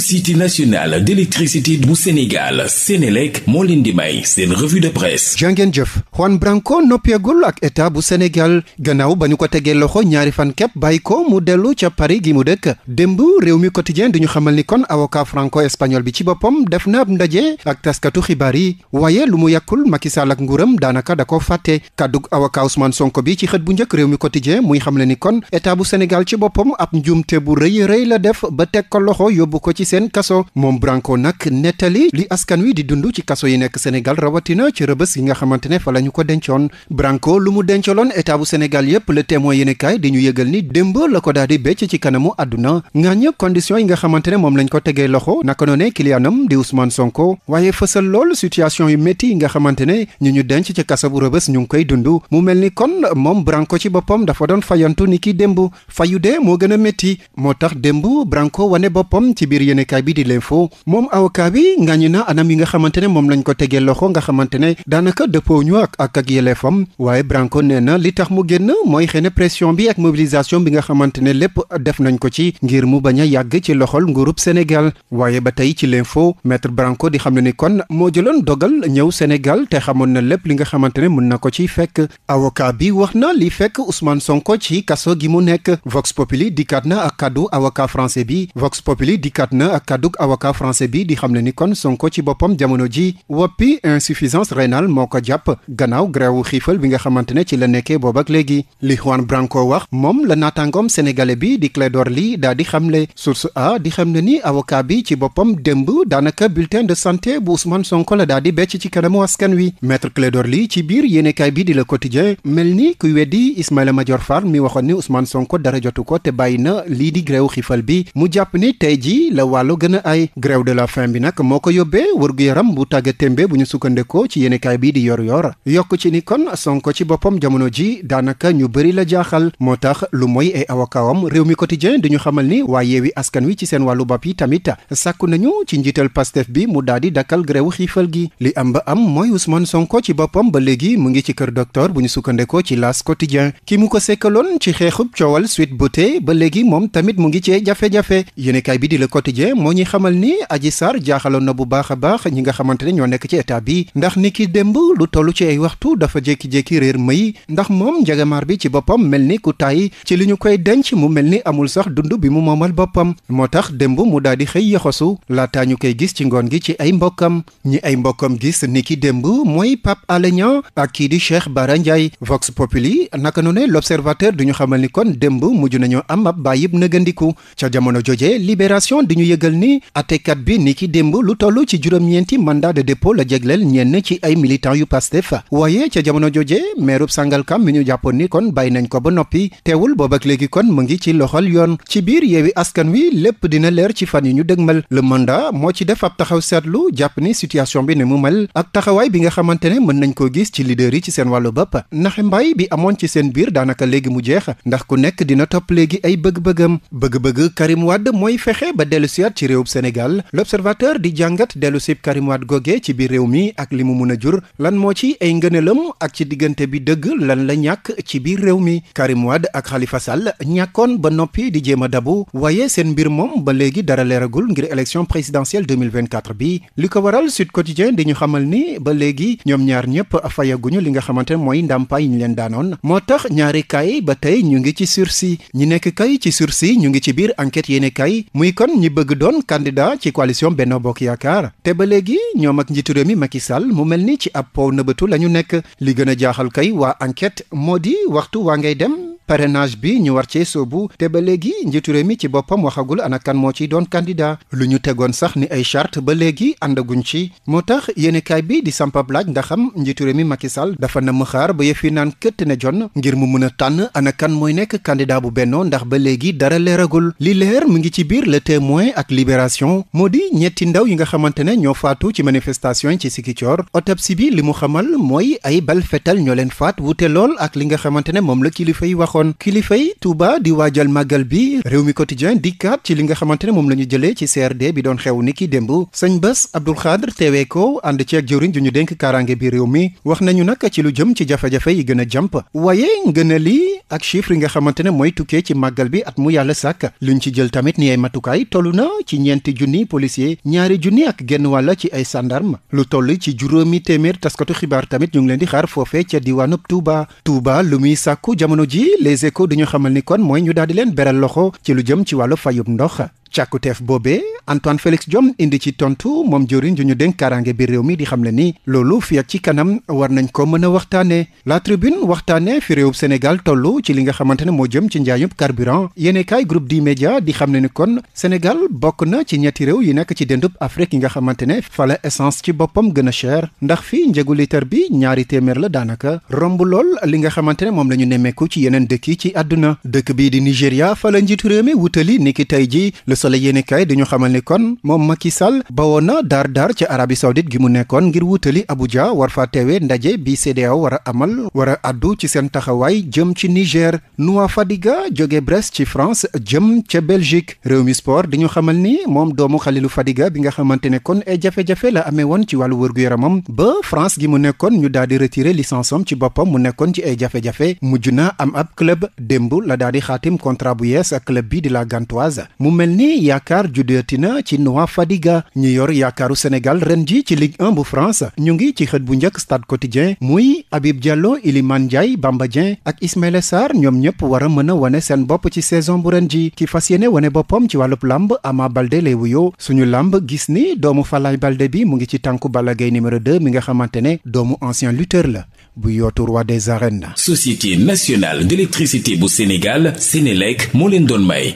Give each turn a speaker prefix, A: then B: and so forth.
A: société nationale d'électricité bu Sénégal Sénélec moo leen di may seen revue de presse jàngeen jëf Juan Branco noppeegul ak état bu Sénégal gannaaw ba ñu ko tegee loxo ñaari fan kepp bàyyi ko mu dellu ca Paris gi mu dëkk démb réew mi quotidien di ñu xamal ni kon avocat franco-espagnol bi ci boppam def na ab ndaje ak taskatu xibaar yi waaye lu mu yàkkul Macky Sall ak nguuram daanaka da ko fàtte kàddug avocat Ousmane Sonko bi ci xët bu njëkk réew mi quotidien muy xamle ni seen kaso moom Branco nag nettali li askan wi di dund ci kaso yi nekk Sénégal rawatina ci rëbës yi nga xamante ne fa la ñu ko dencoon Branco lu mu dencaloon état bu Sénégal yépp le témoin yéen kaay di ñu yëgal ni démb la ko daal di bécc ci kanamu àdduna nga ñëpp condition yi nga xamante ne moom lañ ko tegee loxo naka noonee kiliyaanam di Ousmane Sonko waaye fësal lool situation yu métti yi nga xamante ne ñu ñu denc ci kaso bu rëbës ñu ngi koy dund mu mel ni kon moom Branco ci boppam dafa doon fayantu ni ki démb fayu dee moo gën a métti moo tax démb Branco wane boppam ci biir yéenekaay bi di l'info moom avocat bi ngàññi na anam yi nga xamante ne moom lañ ko tegee loxo nga xamante ne daanaka dëppoo ñu ak ak ak yelleefam waaye Branco nee na li tax mu génn mooy xëy na pression bi ak mobilisation bi nga xamante ne lépp def nañ ko ci ngir mu bañ a yàgg ci loxol nguurub Sénégal waaye ba tey ci l'info maître Branco di xam ne ni kon moo jëloon dogal ñëw Sénégal te xamoon na lépp li nga xamante ne mën na ko ci fekk avocat bi wax na li fekk Ousmane Sonko ci kaso gi mu nekk Vox Populi dikkaat na ak na ak kàddug avocat français bi di xam ne ni kon Sonko ci boppam jamono ji woppi insuffisance rénale moo ko jàpp gannaaw grèwu xiifal bi nga xamante ne ci la nekkee boob ak léegi li Juan Branco wax moom la naataangoom sénégalais bi di Clédor Ly daa di xamle source a di xam ne ni avocat bi ci boppam demb daanaka bulletin de santé bu Ousmane Sonko la daa di becc ci kanamu askan wi maître Clédor Ly ci biir yéenekaay bi di Le Quotidien mel ni kuy weddi Ismaïla Madior Fall mi waxoon ni Ousmane Sonko dara jotu ko te bàyyi na lii di xiifal bi la wàllu gën a ay grève de la faim bi nag moo ko yóbbee wërgu-yaram bu tàgga témbe bu ñu sukkandekoo ci yéenekaay bii di yor yor yokk ci ni kon Sonko ci boppam jamono ji daanaka ñu bëri la jaaxal moo tax lu mooy ay awakaawam réew mi quotidien di ñu xamal ni waa yeewi askan wi ci seen wàllu bopp yi tamit sàkku nañu ci njiital pastef bi mu daal di dakkal gréewu xiifal gi li am ba am mooy Ousmane Sonko ci boppam ba léegi mu ngi ci kër docteur bu ñu sukkandekoo ci L'As quotidien ki ko sekkaloon ci xeexub coowal Sweet Beauté Quotidien moo ñuy xamal ni Adji Sarr jaaxaloon na bu baax a baax ñi nga xamante ne ñoo nekk ci état bi ndax ni ki démb lu tollu ci ay waxtu dafa jékki-jékki réer may ndax moom njagamaar bi ci boppam mel ni ku taay ci li ñu koy denc mu mel ni amul sax dund bi mu moomal boppam moo tax démb mu daal di xëy yaxosu laataa ñu koy gis ci ngoon gi ci ay mbokkam ñi ay mbokkam gis ni ki démb mooy Pape Alé ak kii di Cheikh Bara Ndiaye Vox Populi naka nu ne l'observateur du ñu xamal ni kon démb mujj nañoo am ab nëgandiku ca jamono joje ñu yëgal ni atekat bi ni ki démb lu toll ci juróom-ñeenti mandat de dépôt la jegleel ñenn ci ay militants yu Pastef waaye ca jamono jooje meerub Sangalkam mi ñu jàppoon ni kon bàyyi nañ ko ba noppi teewul boob ak léegi kon mu ngi ci loxol yoon ci biir yeewi askan wi lépp dina leer ci fan yi ñu dëgmal le mandat moo ci def ab taxaw seetlu jàpp ni situation bi ne mu mel ak taxawaay bi nga xamante ne mën nañ koo gis ci leader yi ci seen wàllu bopp ndax mbaay bi amoon ci seen biir daanaka léegi mu jeex ndax ku nekk dina topp léegi ay bëgg-bëggam dellusiwaat ci réewub Sénégal l'observateur di jàngat dellu sib Karim Wade goge ci biir réew mi ak li mu mun a jur lan moo ci ay ngëneelam ak ci diggante bi dëgg lan la ñàkk ci biir réew mi Karim Wade ak Khalifa Sall ñàkkoon ba noppi di jéem a dabu waaye seen mbir moom ba léegi dara leeragul ngir élection présidentielle 2024 bi li ko waral Sud Quotidien di ñu xamal ni ba léegi ñoom ñaar ñëpp fayaguñu li nga xamante ne mooy ndàmpaay yi ñu leen daanoon moo tax ñaari kaay ba tey ñu ngi ci sursis ñi nekk kay ci sursis ñu ngi ci biir enquête yéene kay bëgg doon candidat ci coalition benn Bokk Yaakaar te ba léegi ñoom ak njiitu réew mi Macky Sall mu mel ni ci ab pow nëbatu la ñu nekk li gën a jaaxal kay waa enquête moo di waxtu waa ngay dem parrainage bi ñu war cee soobu te ba léegi njiitu mi ci boppam waxagul ana kan moo ciy doon candidat lu ñu tegoon sax ni ay charte ba léegi àndaguñ ci moo tax yéenekaay bi di sampa laaj ndaxam njiitu réew mi Macky Sall dafa na xaar ba yëf naan këtt ne jonn ngir mu mën a tànn ana kan mooy nekk candidat bu bennoo ndax ba léegi dara leeragul li leer mu ngi ci biir le témoin ak libération moo di ñetti ndaw yi nga xamante ne ñoo faatu ci manifestation ci Sikicoor autopsie bi li mu xamal mooy ay bal fetal ñoo leen faat lool ak li nga xamante ne moom la kilifa yi wax kon kilifay Touba di waajal màggal bi réew mi quotidien dikkaat ci li nga xamante ne moom la ñu jëlee ci CRD bi doon xew ni ki démb sëñ Bass Abdoul Khadre teewee ko ànd ci ak jëwriñ ju ñu dénk kaaraange bi réew mi wax nañu nag ci lu jëm ci jafe-jafe yi gën a jàmp waaye ngën a li ak chiffre yi nga xamante ne mooy tukkee ci màggal bi at mu yàlla sàkk ñu ci jël tamit ni ay matukaay toll na ci ñeenti junni policier ñaari junni ak genn wàlla ci ay sandarme lu toll ci juróomi téeméer taskatu xibaar tamit ñu ngi leen di xaar foofee ca diwaanub Touba Touba lu muy sàkku jamono ji les échos dañu xamal ni kon mooy ñu daal di leen beral loxo ci lu jëm ci wàllu fayub ndox càkkuteef boobee Antoine Félix jom indi ci tontu moom jëwriñ ju ñu dénk kaaraange biir réew mi di xam ne ni loolu fi ak ci kanam war nañ ko mën a waxtaanee la tribune waxtaanee fi réewub Sénégal toll ci li nga xamante ne moo jëm ci njaayub carburant yéene kaay groupe di média di xam ne ni kon Sénégal bokk na ci ñetti réew yi nekk ci dendub Afrique yi nga xamante ne fala essence ci boppam gën a cher ndax fi njëgu litre bi ñaari téeméer la daanaka romb lool li nga xamante ne moom la nemmeeku ci yeneen dëkk yi ci àdduna dëkk bii di Nigéria fala njiitu réew mi ji solo yéen kaay dañu xamal ni kon moom Macky Sall bawoon na daar daar ci Arabie Saoudite gi mu nekkoon ngir wutali Abuja war faa teewee ndaje bi CEDEAO war a amal war a addu ci seen taxawaay jëm ci Niger Noa Fadiga jóge Brest ci France jëm ca Belgique réew mi sport dañu xamal ni moom doomu Khalilou Fadiga bi nga xamante ne kon ay jafe-jafe la amee woon ci wàllu wërgu-yaramam ba France gi mu nekkoon ñu daal di retiré licence ci boppam mu nekkoon ci ay jafe-jafe na am ab club démb la daal di xaatim contrat bu yees ak club bi di la Gantoise yaakaar juddeeti na ci Noah Fadiga ñu yor yaakaaru Sénégal ren ji ci Ligue 1 France ñu ngi ci xët bu njëkk Stade Quotidien muy Habib Diallo Ilimane Ndiaye Bamba Dieng ak Ismaïla Sarr ñoom ñëpp war a mën a wane seen bopp ci saison bu ren ji ki fas yéene wane boppam ci wàllub làmb Ama Baldé lay wuyoo suñu lamb gis ni doomu Falaye Baldé bi mu ngi ci tànku Balla Gaye numéro 2 mi nga xamante ne doomu ancien lutteur la bu yootu roi des arènes. Société nationale d'électricité bu Sénégal Sénélec moo leen doon may